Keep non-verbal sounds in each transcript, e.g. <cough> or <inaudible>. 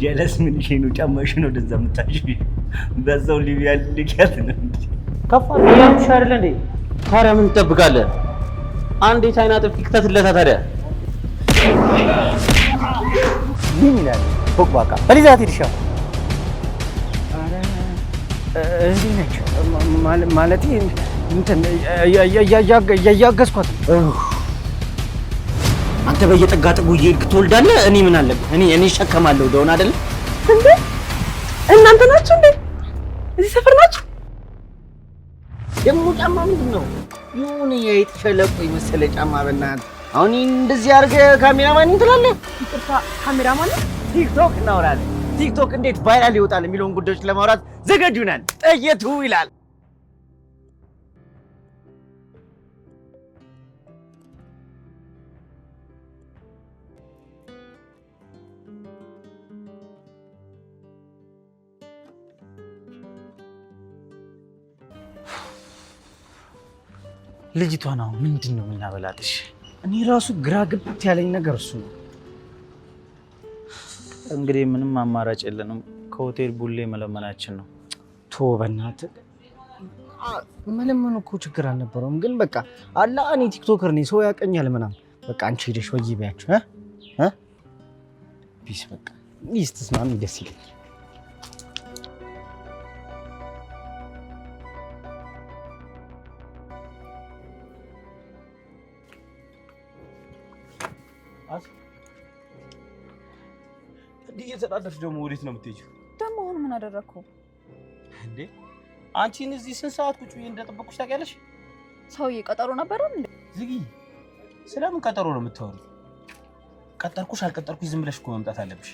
ጀለስ ምንሽ ነው? ጫማሽ ነው ወደዛ የምታሽ በዛው ሊቢያ ልልቂያት ነው እንዴ? ከፋ ያምሽ አይደለ እንዴ? ታዲያ ምን ትጠብቃለህ? አንድ የቻይና ጥፍ ክተትለታ። ታዲያ ምን ይላል? ፎቅ ባቃ በሊዛት ይድሻ እዚህ ነች ማለት እንትን እያገዝኳት አንተ በየጠጋ እየሄድክ ትወልዳለህ። እኔ ምን አለብህ? እኔ እኔ እሸከማለሁ። ደውን አይደለ እንዴ? እናንተ ናችሁ እንዴ? እዚህ ሰፈር ናችሁ ደግሞ። ጫማ ምንድን ነው? ይሁን የአይጥ ሸለቆ የመሰለ ጫማ። በእናትህ አሁን እንደዚህ አድርገህ ካሜራማን እንትላለህ። ይቅርታ ካሜራማን፣ ቲክቶክ እናወራለን። ቲክቶክ እንዴት ቫይራል ይወጣል የሚለውን ጉዳዮች ለማውራት ዘገድ ይሆናል። ጠየቱ ይላል ልጅቷን አሁን ምንድን ነው የምናበላትሽ? እኔ ራሱ ግራ ግብት ያለኝ ነገር እሱ ነው። እንግዲህ ምንም አማራጭ የለንም። ከሆቴል ቡሌ መለመናችን ነው። ቶ በእናትህ መለመኑ እኮ ችግር አልነበረውም። ግን በቃ አላ እኔ ቲክቶከር ነኝ ሰው ያቀኛል ምናምን። በቃ አንቺ ሄደሽ ወይ ቢያቸው ቢስ በቃ ይስተስማሚ ደስ ይለኛል። እየተሰዳደርሽ ደግሞ ወዴት ነው የምትሄጂው? ደግሞ አሁን ምን አደረግኩ እንዴ? አንቺን እዚህ ስንት ሰዓት ቁጭ ብዬ እንደጠበቅኩሽ ታውቂያለሽ? ሰውዬ ቀጠሮ ነበረ እንዴ? ዝጊ። ስለምን ቀጠሮ ነው የምታወሪው? ቀጠርኩሽ አልቀጠርኩሽ ዝም ብለሽ እኮ መምጣት አለብሽ።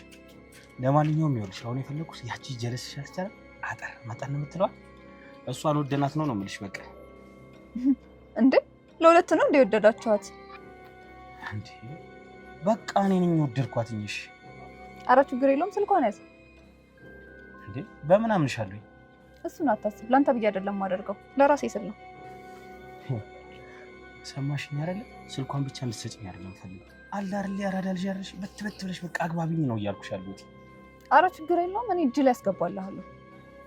ለማንኛውም ይኸውልሽ አሁን የፈለኩሽ ያቺ ጀለስ ሻስቻለ አጠር መጠን የምትለዋ እሷን ወደናት ነው ነው የምልሽ። በቃ <laughs> እንዴ ለሁለት ነው እንደ ወደዳችኋት? እንዴ በቃ እኔ ነኝ ወደድኳትኝሽ አረ ችግር የለውም። ስልኳን ያዝ። እንዴ በምን አምንሻለሁ? እሱን አታስብ። ላንተ ብዬ አይደለም ማደርገው ለራሴ ስል ነው። ሰማሽኝ አይደለ? ስልኳን ብቻ እንድትሰጭኝ አይደለም ፈልግ አለ አይደል? ያራዳ ጀርሽ ያለሽ በት በት ብለሽ በቃ አግባቢኝ ነው እያልኩሽ ያለሁት። አረ ችግር የለውም። እኔ እጅ ያስገባልሃለሁ።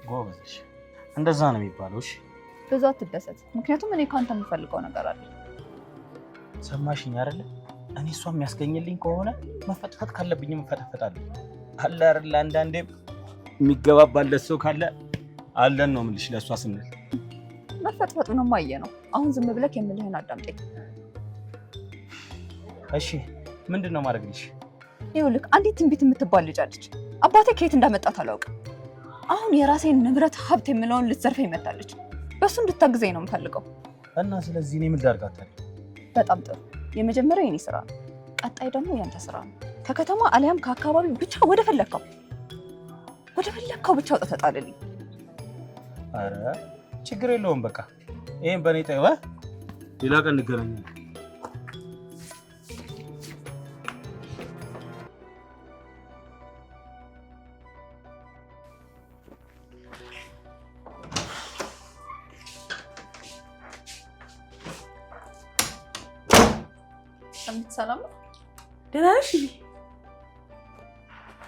ጎበዝሽ። እንደዛ ነው የሚባለው። እሺ ብዙ አትደሰት፣ ምክንያቱም እኔ ካንተ የምፈልገው ነገር አለ። ሰማሽኝ አይደለም እኔ እሷ የሚያስገኝልኝ ከሆነ መፈጥፈጥ ካለብኝ መፈጠፈጣለሁ። አለ አይደል አንዳንዴ የሚገባባለት ሰው ካለ አለን ነው የምልሽ። ለእሷ ስንል መፈጥፈጥ ነው ማየ ነው። አሁን ዝም ብለህ የምልህን አዳምጠኝ እሺ። ምንድን ነው ማድረግልሽ? ይኸውልህ አንዲት ትንቢት የምትባል ልጅ አለች። አባቴ ከየት እንዳመጣት አላውቅም። አሁን የራሴን ንብረት ሀብት የምለውን ልትዘርፈ ይመታለች። በእሱ እንድታግዘኝ ነው የምፈልገው እና ስለዚህ እኔ ምን ላድርጋት? በጣም ጥሩ የመጀመሪያው የኔ ስራ ነው። ቀጣይ ደግሞ ያንተ ስራ ነው። ከከተማ አሊያም ከአካባቢው ብቻ ወደ ፈለግከው ወደ ፈለግከው ብቻ ወጣ ተጣልልኝ። ኧረ ችግር የለውም በቃ ይህም በእኔ ጠይዋ ሌላ ቀን እንገናኛለን።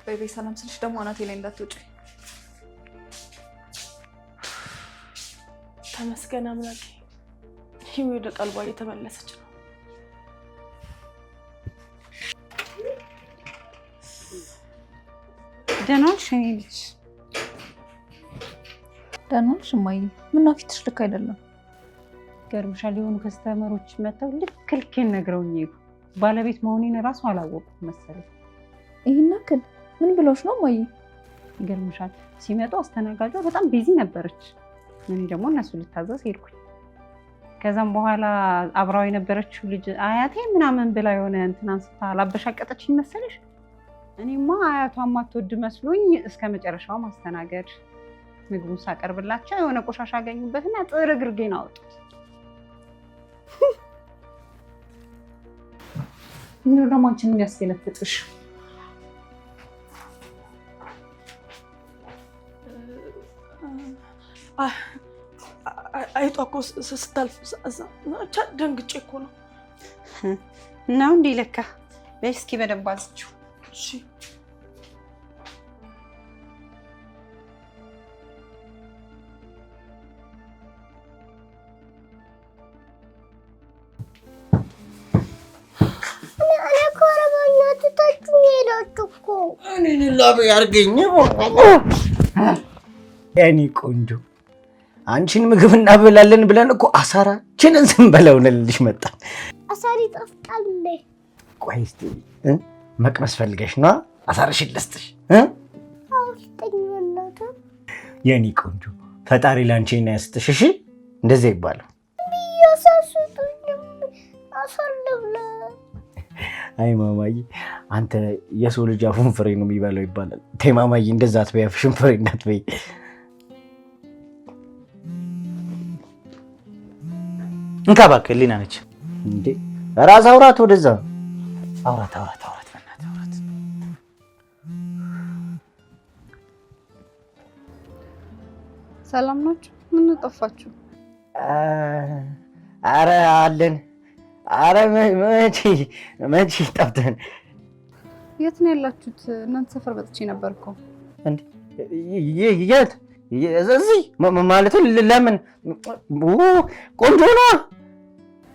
በቤት ሰላም ስልሽ ደግሞ አናቴ ላይ እንዳትወጪ። ተመስገን አምላኬ፣ ይህ ወደ ቀልቧ እየተመለሰች ነው። ደህና ነሽ የእኔ ልጅ? ደህና ነሽ እማዬ? ምነው ፊትሽ ልክ አይደለም። ይገርምሻል፣ የሆኑ ከስተመሮች መጥተው ልክ ልኬን ነግረውኝ ባለቤት መሆኔን እራሱ አላወቁ መሰለኝ ይህን ያክል ምን ብሎሽ ነው ወይ? ይገርምሻል፣ ሲመጡ አስተናጋጇ በጣም ቢዚ ነበረች። እኔ ደግሞ እነሱ ልታዘዝ ሄድኩኝ። ከዛም በኋላ አብራው የነበረችው ልጅ አያቴ ምናምን ብላ የሆነ እንትን አንስታ ላበሻቀጠች ይመሰልሽ። እኔማ አያቷ ማትወድ መስሎኝ እስከ መጨረሻው ማስተናገድ ምግቡን ሳቀርብላቸው የሆነ ቆሻሻ አገኙበትና ጥርግርጌን አወጡት። እንደው ደግሞ አንቺን የሚያስገለፍጥሽ አይጧ እኮ ስታልፍ ቻ ደንግጬ እኮ ነው። እናው እንዲህ ለካ በይ እስኪ በደንብ አዝችው። እኔ ቆንጆ አንቺን ምግብ እናበላለን ብለን እኮ አሳራችንን ስንበላው ነው ልልሽ መጣን። አሳሪ ይጣፍጣል። ቆይ እስኪ መቅመስ ፈልገሽ ነዋ። አሳርሽን ልስጥሽ። የኔ ቆንጆ ፈጣሪ ለአንቺ ና ያስጥሽ። እሺ እንደዚያ ይባላል። አይ ማማዬ፣ አንተ የሰው ልጅ አፉን ፍሬ ነው የሚበላው ይባላል። ተይ ማማዬ፣ እንደዛ አትበይ፣ አፍሽን ፍሬ እንዳትበይ። እንካ እባክህ ህሊና ነች እንዴ! ራስ አውራት፣ ወደዛ አውራት፣ አውራት፣ አውራት፣ በእናትህ አውራት። ሰላም ናችሁ? ምን ጠፋችሁ? አረ አለን። አረ መቼ መቼ ጠፍተን። የት ነው ያላችሁት? እናንተ ሰፈር መጥቼ ነበር እኮ። የት እዚህ ማለት ለምን ቆንጆ ነው።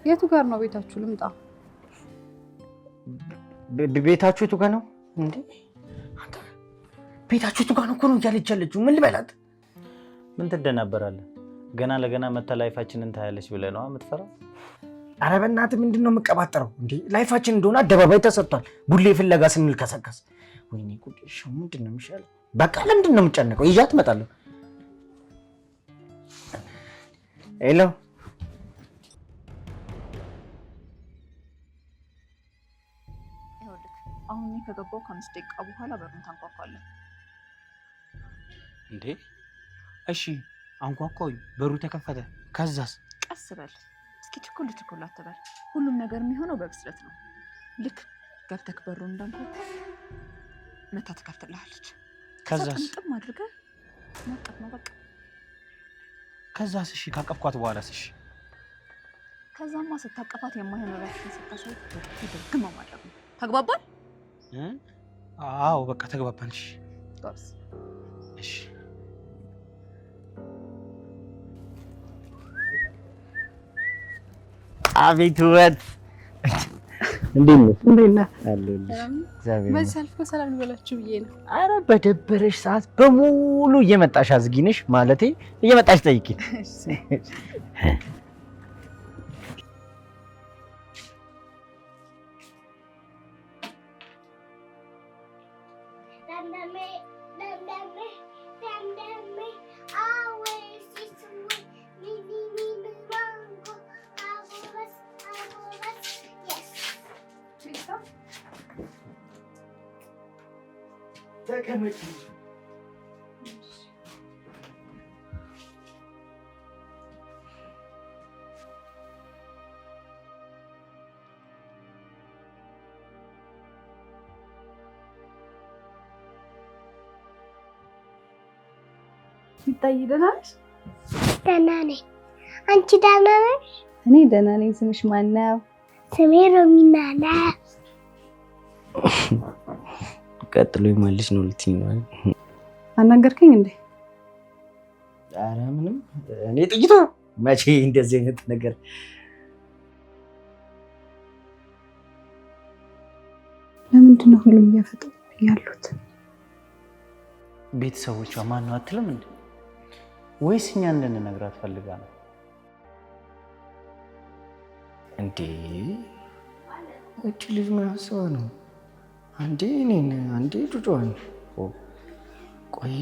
የቱ ጋር ነው ቤታችሁ? ልምጣ። ቤታችሁ የቱ ጋር ነው እንዴ? ቤታችሁ የቱ ጋር ነው እኮ ነው እያለች ያለችው። ምን ልበላት? ምን ትደናበራለህ? ገና ለገና መታ ላይፋችንን ታያለች ብለህ ነው የምትፈራ? አረ በእናትህ ምንድን ነው የምቀባጠረው እንዴ? ላይፋችን እንደሆነ አደባባይ ተሰጥቷል። ቡሌ ፍለጋ ስንልከሰከስ ወይኔ ጉድ! ምንድን ነው የሚሻለው? በቃ ለምንድን ነው የምጨነቀው? ይዣት እመጣለሁ Hello? ይኸውልህ አሁን ከገባው ከገባሁ ከአምስት ደቂቃ በኋላ በሩን ታንኳኳለን። እንዴ? እሺ አንኳኳኝ በሩ ተከፈተ። ከዛስ? ቀስ በል እስኪ፣ ችኩል ችኩል አትበል። ሁሉም ነገር የሚሆነው በብስለት ነው። ልክ ገብተህ በሩን እንዳንኳኳ መታ ትከፍትልሃለች። ከዛስ? ጥምጥም አድርገህ ማቀፍ ነው በቃ ከዛ ስሺ ካቀፍኳት በኋላ ስሽ ከዛማ ስታቀፋት የማይሆን ሪያክሽን ስታሳይ ድግም ማድረግ ነው። ተግባባን? አዎ በቃ ተግባባን። እሺ እሺ አቤት ውበት እንዴት ነው? እንዴት ነህ? ሰላም ልበላችሁ ብዬ ነው። አረ በደበረሽ ሰዓት በሙሉ እየመጣሽ አዝጊነሽ ማለቴ እየመጣሽ ጠይቂ ይታይ ደህና ነሽ? ደህና ነኝ። አንቺ ደህና ነሽ? እኔ ደህና ነኝ። ስምሽ ማን ነው? ስሜ ሮሚና ነው። ቀጥሎ የማልሽ ነው ልትይኝ ነው? አናገርከኝ እንዴ? ኧረ ምንም እኔ ጥይቱ መቼ እንደዚህ አይነት ነገር ለምንድን ነው ሁሉም እያፈጠ ያሉት? ቤተሰቦቿ ማን ነው አትልም እንዴ? ወይስ እኛ እንድንነግራት ፈልጋ ነው እንዴ? እች ልጅ ምን አስባ ነው አንዴ እኔን አንዴ ጩጫዋን። ቆይ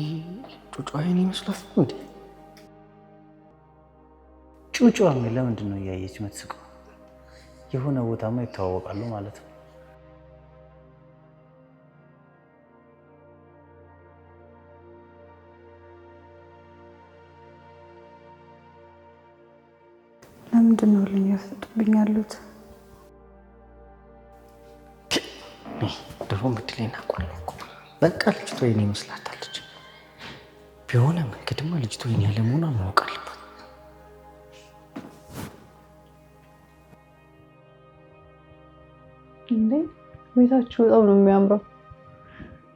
ጩጫዋን ይመስላት እንዴ? ጩጫዋን ለምንድን ነው እያየች የምትስቀው? የሆነ ቦታማ ይተዋወቃሉ ማለት ነው። ለምንድን ነው ልኝ ያፈጡብኝ ያሉት? አሁን ግድ ላይ ናቆለኩ በቃ ልጅቷ የኔ ይመስላታለች። ቢሆነ መንገድማ ልጅቷ የኔ ያለመሆኗን ማወቅ አለባት። እንዴ ቤታችሁ በጣም ነው የሚያምረው።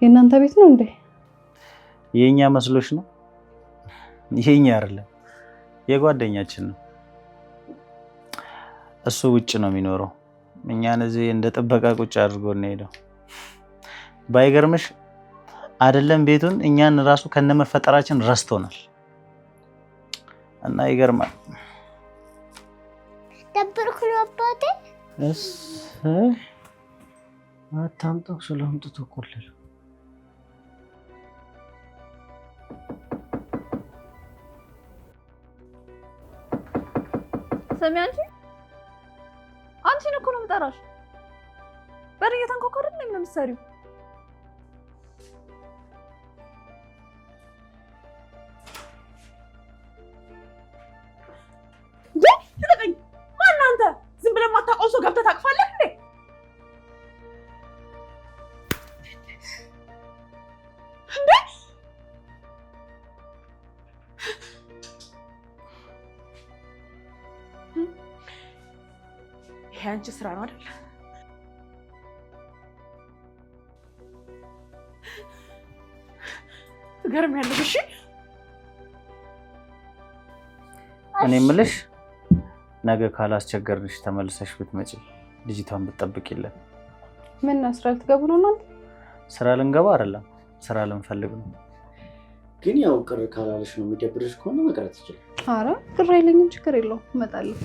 የእናንተ ቤት ነው እንዴ? የእኛ መስሎች ነው? የኛ አይደለም፣ የጓደኛችን ነው። እሱ ውጭ ነው የሚኖረው። እኛን እዚህ እንደ ጥበቃ ቁጭ አድርጎ ነው ሄደው ባይገርምሽ አይደለም ቤቱን እኛን ራሱ ከነመፈጠራችን ረስቶናል እና ይገርማል። ደብርኩ ነው አባቴ። አታምጣው ሰሚ አንቺ አንቺን እኮ ነው የምጠራሽ። በር እየተንኳኳ አይደል የምትሰሪው? መጠቀም ያለሽ። እሺ እኔ የምልሽ ነገ ካላስቸገርንሽ ተመልሰሽ ብትመጪ ልጅቷን ብትጠብቂልን። ምን ነው ስራ ልትገቡ ነው እናንተ? ስራ ልንገባ አይደለም፣ ስራ ልንፈልግ ነው። ግን ያው ቅር ካላለሽ ነው የሚደብርሽ ከሆነ መቅረት ይችላል። አረ ቅር አይለኝም፣ ችግር የለው እመጣለሁ።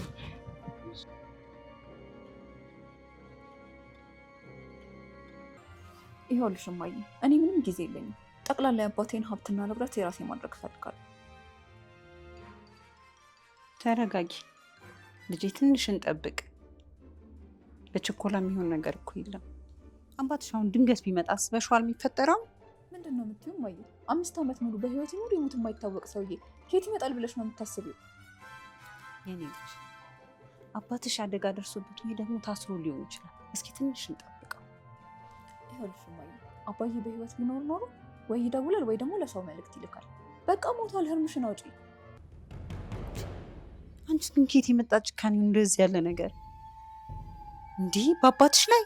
ይኸውልሽ እማዬ፣ እኔ ምንም ጊዜ የለኝም ጠቅላላ የአባቴን ሀብትና ንብረት የራሴ ማድረግ እፈልጋለሁ። ተረጋጊ ልጄ፣ ትንሽ እንጠብቅ። በችኮላ የሚሆን ነገር እኮ የለም። አባትሽ አሁን ድንገት ቢመጣ አስበሽዋል የሚፈጠረው? ምንድን ነው የምትይው? እማዬ፣ አምስት ዓመት ሙሉ በህይወት ይኑር ይሙት የማይታወቅ ሰውዬ ከየት ይመጣል ብለሽ ነው የምታስቢው? የኔ ልጅ፣ አባትሽ አደጋ ደርሶበት ወይ ደግሞ ታስሮ ሊሆን ይችላል። እስኪ ትንሽ እንጠብቀው። ይኸውልሽ እማዬ፣ አባዬ በህይወት ቢኖር ኖሮ ወይ ይደውላል ወይ ደግሞ ለሰው መልእክት ይልካል። በቃ ሞቷል፣ ህርምሽን አውጪ። አንቺ ግን ኬት የመጣ ጭካኔ እንደዚህ ያለ ነገር እንዲህ በአባትሽ ላይ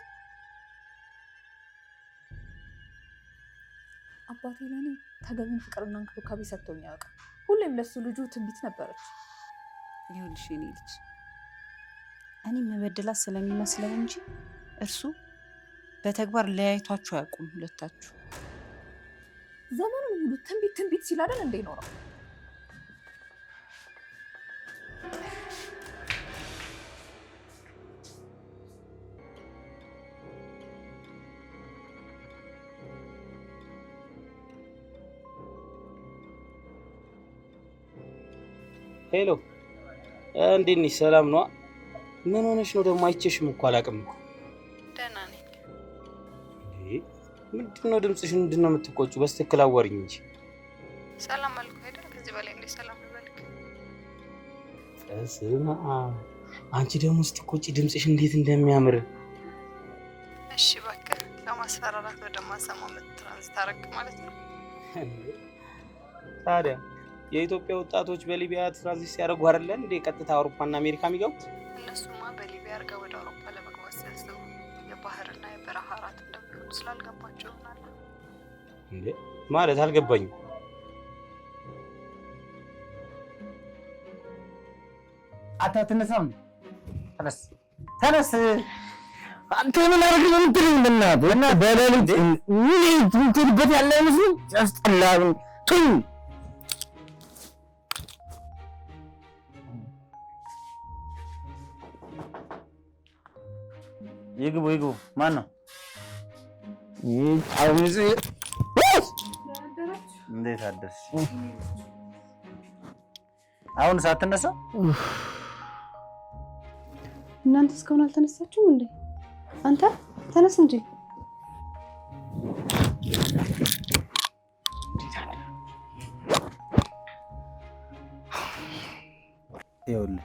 አባቴ ለኔ ተገቢን ፍቅርና እንክብካቤ ሰጥቶኝ ያውቃል። ሁሌም ለሱ ልጁ ትንቢት ነበረች። ይኸውልሽ የኔ ልጅ እኔ መበደላት ስለሚመስለው እንጂ እርሱ በተግባር ለያይቷችሁ አያውቁም ሁለታችሁ ዘመኑን ሙሉ ትንቢት ትንቢት ሲላደን እንደ ይኖረው ሄሎ እንዴት ነሽ? ሰላም ነዋ። ምን ሆነሽ ነው ደግሞ? አይቼሽም እኮ አላውቅም እኮ ምንድነው ድምፅሽን? ምንድነው የምትቆጩ? በስትክክል አዋሪኝ እንጂ ሰላም አልኩ አይደል? ከዚህ በላይ እንደ ሰላም ልበልክ? ስማ አንቺ ደግሞ ስትቆጪ ድምፅሽ እንዴት እንደሚያምር እሺ እባክህ ለማስፈራራት ወደ ማሰማ ትራንስ ታረቅ ማለት ነው። ታዲያ የኢትዮጵያ ወጣቶች በሊቢያ ትራንዚት ሲያደርጉ አይደለን እንዴ ቀጥታ አውሮፓና አሜሪካ የሚገቡት እነሱማ ስላልገባቸው እንዴ ማለት አልገባኝም። አታ ትነሳም ተነስ ተነስ። አንተ ምን አደረግህ ነው የምትለኝ? በእናትህ እና በሌሊት ምን የምትሄድበት ያለ አይመስልም። ያስጠላል። ቱኝ ይግቡ ይግቡ። ማን ነው እንዴት አደርሽ? አሁን ሳትነሳ እናንተ እስካሁን አልተነሳችሁም እንዴ? አንተ ተነስ እንጂ ይኸውልህ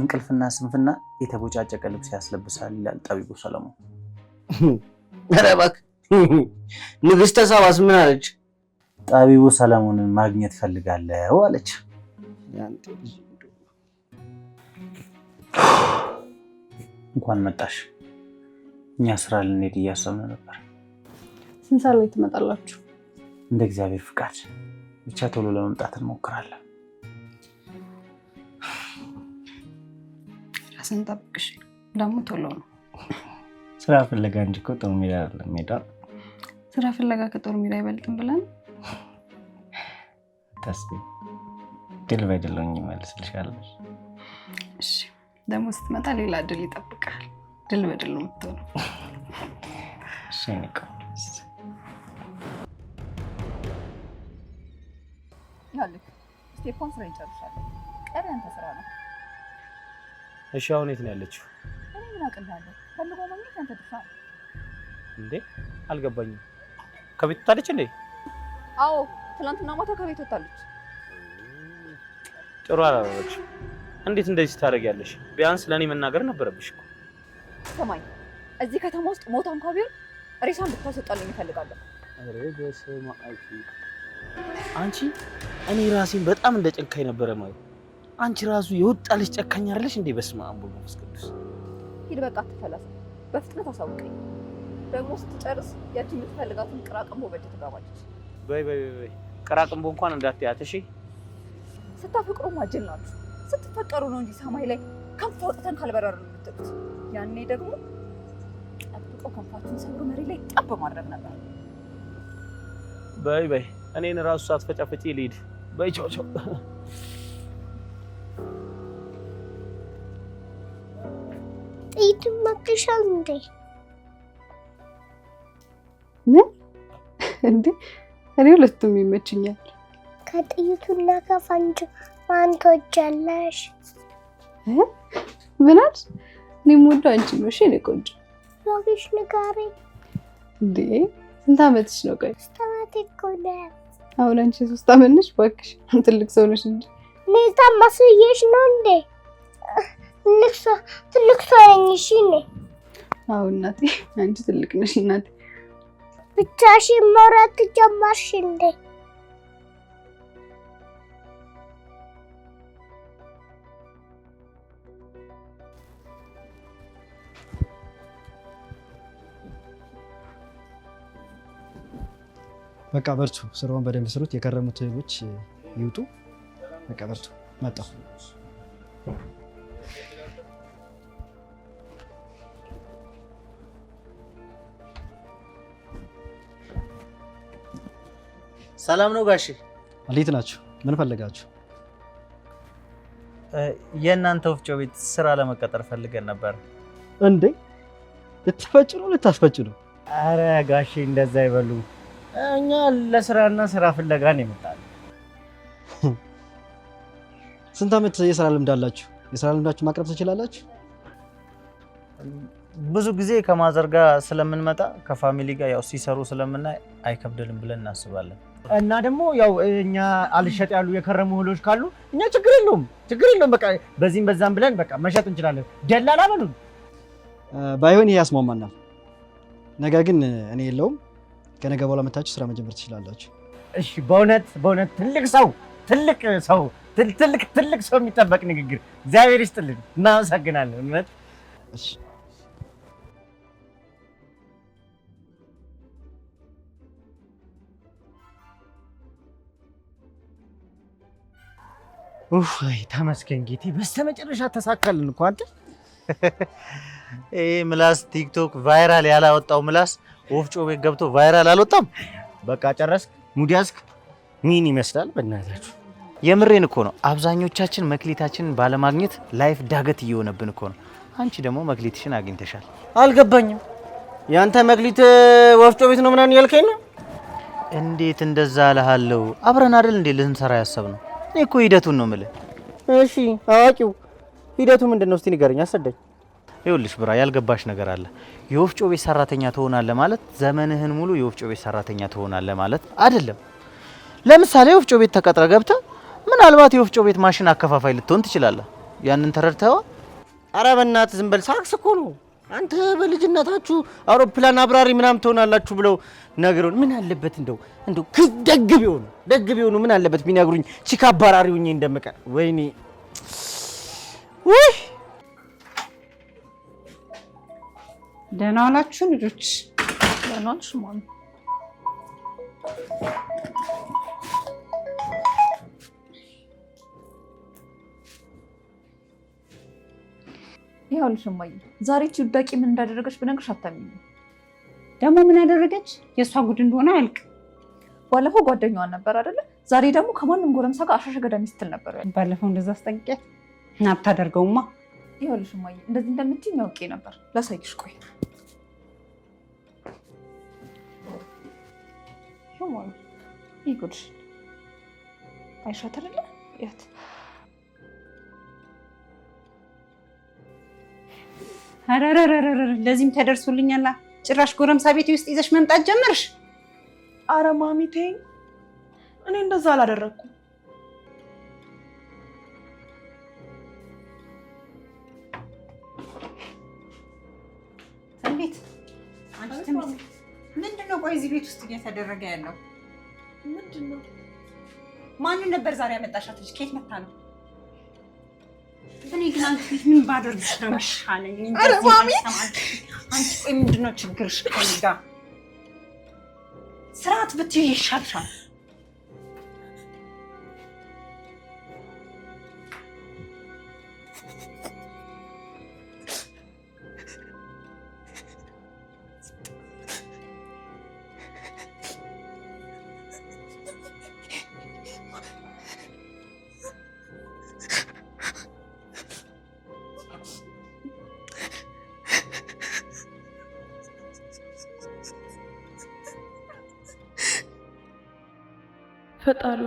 እንቅልፍና ስንፍና የተቦጫጨቀ ልብስ ያስለብሳል ይላል ጠቢቡ ሰለሞን። ኧረ እባክህ ንግስተ ሳባስ ምን አለች? ጠቢቡ ሰለሞንን ማግኘት ፈልጋለሁ አለች። እንኳን መጣሽ። እኛ ስራ ልንሄድ እያሰብን ነበር። ስንት ሰዓት ላይ ትመጣላችሁ? እንደ እግዚአብሔር ፍቃድ ብቻ ቶሎ ለመምጣት እንሞክራለን። ራስን ጠብቅሽ፣ ደግሞ ቶሎ ነው ስራ ፍለጋ እንጂ እኮ ጦር ሜዳ አይደለም። ሜዳ ስራ ፍለጋ ከጦር ሜዳ አይበልጥም ብለን ተስቢ ድል በድሎኝ ይመልስልሻለሽ። እሺ ደግሞ ስትመጣ ሌላ ድል ይጠብቃል። ድል በድል ነው የምትሆነው። እሺ ንቀ ስቴፋን ስራ ይጨርሻል። ቀሪ አንተ ስራ ነው። እሺ አሁን የት ነው ያለችው? ምን አቅልላለሁ? ፈልጎ ማግኘት አንተ ድርሻ ነው እንዴ? አልገባኝም። ከቤት ወጣለች እንዴ? አዎ፣ ትናንትና ማታ ከቤት ወጣለች። ጥሩ አላረች። እንዴት እንደዚህ ታደርጊያለሽ? ቢያንስ ለእኔ መናገር ነበረብሽ እኮ። ሰማኝ፣ እዚህ ከተማ ውስጥ ሞታ እንኳ ቢሆን ሬሳን ብታስወጣልኝ እፈልጋለሁ። ኧረ በስመ አብ አንቺ! እኔ ራሴን በጣም እንደ ጨካኝ ነበረ ማለት አንቺ ራሱ የወጣለች ጨካኝ አይደለሽ እንዴ? በስመ አብ ወመንፈስ ቅዱስ ሂድ በቃ አትፈላስ። በፍጥነት አሳውቀኝ። ደግሞ ስትጨርስ ያቺ የምትፈልጋትን ቅራቅንቦ በእጅ ትጋባለች። በይ በይ በይ፣ ቅራቅንቦ እንኳን እንዳትያት እሺ። ስታፈቅሩ ማጅል ናችሁ። ስትፈቀሩ ነው እንጂ ሰማይ ላይ ከንፍ አውጥተን ካልበረር ነው የምትሉት። ያኔ ደግሞ ጠብቆ ከንፋችን ሰብሮ መሪ ላይ ጠብ ማድረግ ነበር። በይ በይ፣ እኔን ራሱ ሳትፈጫፈጪ ልሂድ። በይ ቻው ቻው ሴት ይመክሻል እንዴ? ምን እንዴ? እኔ ሁለቱም ይመችኛል። ከጥይቱና ከፈንጂ ማን ትወጃለሽ? ምን እኔ የምወደው አንቺ ነሽ የእኔ ቆንጆ። ሎጊሽ ንገሪኝ። እንዴ ስንት አመትሽ ነው? ቆይ ሶስት ዓመት እኮ ነው። አሁን አንቺ ሶስት አመት ነሽ? እባክሽ ትልቅ ሰው ነሽ እንጂ እኔ ታማስዬሽ ነው እንዴ? ትልቅ ሰው ነኝ። እሺ እኔ አዎ፣ እናቴ አንቺ ትልቅ ነሽ እናቴ። ብቻሽን መውራት ጀመርሽ እንዴ? በቃ በርቱ፣ ስራውን በደንብ ስሩት። የከረሙት እህሎች ይውጡ። በቃ በርቱ፣ መጣሁ። ሰላም ነው ጋሺ እንዴት ናችሁ? ምን ፈለጋችሁ? የእናንተ ወፍጮ ቤት ስራ ለመቀጠር ፈልገን ነበር። እንዴ ልትፈጭ ነው? ልታስፈጭ ነው? አረ ጋሺ እንደዛ አይበሉ። እኛ ለስራና ስራ ፍለጋ ነው የመጣነው። <laughs> ስንት ዓመት የስራ ልምድ አላችሁ? የስራ ልምዳችሁ ማቅረብ ትችላላችሁ? ብዙ ጊዜ ከማዘር ጋር ስለምንመጣ ከፋሚሊ ጋር ያው ሲሰሩ ስለምናይ አይከብድልም ብለን እናስባለን። እና ደግሞ ያው እኛ አልሸጥ ያሉ የከረሙ እህሎች ካሉ እኛ ችግር የለውም ችግር የለውም በቃ በዚህም በዛም ብለን በቃ መሸጥ እንችላለን። ደላላ በሉን ባይሆን ይሄ ያስማማናል። ነገር ግን እኔ የለውም። ከነገ በኋላ መታችሁ ስራ መጀመር ትችላላችሁ። እሺ። በእውነት በእውነት ትልቅ ሰው ትልቅ ሰው ትልቅ ትልቅ ሰው የሚጠበቅ ንግግር። እግዚአብሔር ይስጥልን። እናመሰግናለን። እውነት እሺ ተመስገን ጌቴ፣ በስተመጨረሻ ተሳካልን እኮ አንተ። <laughs> ይሄ ምላስ ቲክቶክ ቫይራል ያላወጣው ምላስ ወፍጮ ቤት ገብቶ ቫይራል አልወጣም። በቃ ጨረስክ? ሙዲያስክ ምን ሚን ይመስላል። በእናታችሁ የምሬን እኮ ነው። አብዛኞቻችን መክሊታችንን ባለማግኘት ላይፍ ዳገት እየሆነብን እኮ ነው። አንቺ ደግሞ መክሊትሽን አግኝተሻል። አልገባኝም። ያንተ መክሊት ወፍጮ ቤት ነው ምናምን ያልከኝ ነው? እንዴት እንደዛ እልሃለሁ። አብረን አይደል እንዴ ልንሰራ ያሰብነው እኔ እኮ ሂደቱን ነው የምልህ። እሺ አዋቂው ሂደቱ ምንድን ነው? እስቲ ንገረኝ፣ አሰደኝ። ይኸውልሽ ብራ ያልገባሽ ነገር አለ። የወፍጮ ቤት ሰራተኛ ትሆናለህ ማለት ዘመንህን ሙሉ የወፍጮ ቤት ሰራተኛ ትሆናለህ ማለት አይደለም። ለምሳሌ የወፍጮ ቤት ተቀጥረ ገብተህ ምናልባት የወፍጮ ቤት ማሽን አከፋፋይ ልትሆን ትችላለህ። ያንን ተረድተኸዋ? አረ በእናትህ ዝም በል። ሳክስ እኮ ነው አንተ በልጅነታችሁ አውሮፕላን አብራሪ ምናምን ትሆናላችሁ ብለው ነገሩን ምን አለበት እንደው እንደው ደግ ቢሆኑ ደግ ቢሆኑ ምን አለበት ቢነግሩኝ ቺካ አባራሪ ሁኜ እንደምቀር። ወይኔ ውይ! ደህና ዋላችሁ ልጆች። ደህና ዋልሽ ማን ይኸውልሽ እማዬ ዛሬ እቺ ውዳቂ ምን እንዳደረገች ብነግርሽ አታሚኝ። ደግሞ ምን ያደረገች የእሷ ጉድ እንደሆነ አያልቅ። ባለፈው ጓደኛዋን ነበር አይደለ? ዛሬ ደግሞ ከማንም ጎረምሳ ጋር አሻሸ ገዳሚ ስትል ነበር። ባለፈው እንደዛ አስጠንቅቄያት እና ብታደርገውማ። ይኸውልሽ እማዬ እንደዚህ እንደምትይኝ አውቄ ነበር። ላሳይሽ፣ ቆይ ይህ ጉድ አይሻት አይደለ? አረረረረረ ለዚህም ተደርሶልኛላ። ጭራሽ ጎረምሳ ቤት ውስጥ ይዘሽ መምጣት ጀመርሽ። አረ እኔ እንደዛ አላደረኩም። እንዴት ምንድን ነው? ቆይ እዚህ ቤት ውስጥ እየተደረገ ያለው ምንድን ነው? ማንን ነበር ዛሬ ያመጣሻት? ልጅ ከየት መታ ነው? ምን ባደርግሽ ነው የሚሻለኝ? አንቺ ቆይ ምንድን ነው ችግርሽ? ከእኔ ጋር ስርዓት ብትይ ይሻልሻል።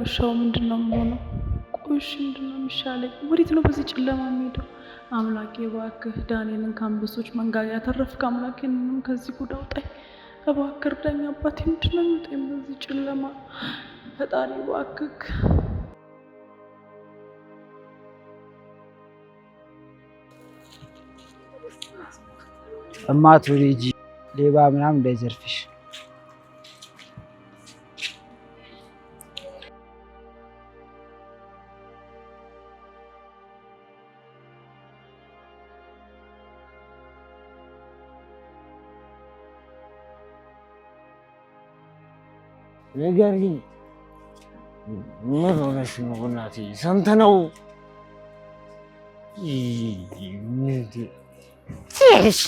ድርሻው ምንድን ነው የሚሆነው? ቆይ ምንድን ነው የሚሻለኝ? ወዴት ነው በዚህ ጨለማ የሚሄደው? አምላኬ እባክህ ዳንኤልን ከአንበሶች መንጋ ያተረፍክ አምላኬ፣ እኔንም ከዚህ ጉድ አውጣኝ እባክህ፣ እርዳኝ አባቴ። ምንድን ነው የሚውጠኝ በዚህ ጨለማ? ፈጣሪ እባክህ እማት ልጅ ሌባ ምናምን እንዳይዘርፍሽ ነገር ግን ምን ሆነሽ ነው እናቴ? ሰንተ ነው ትሄድሽ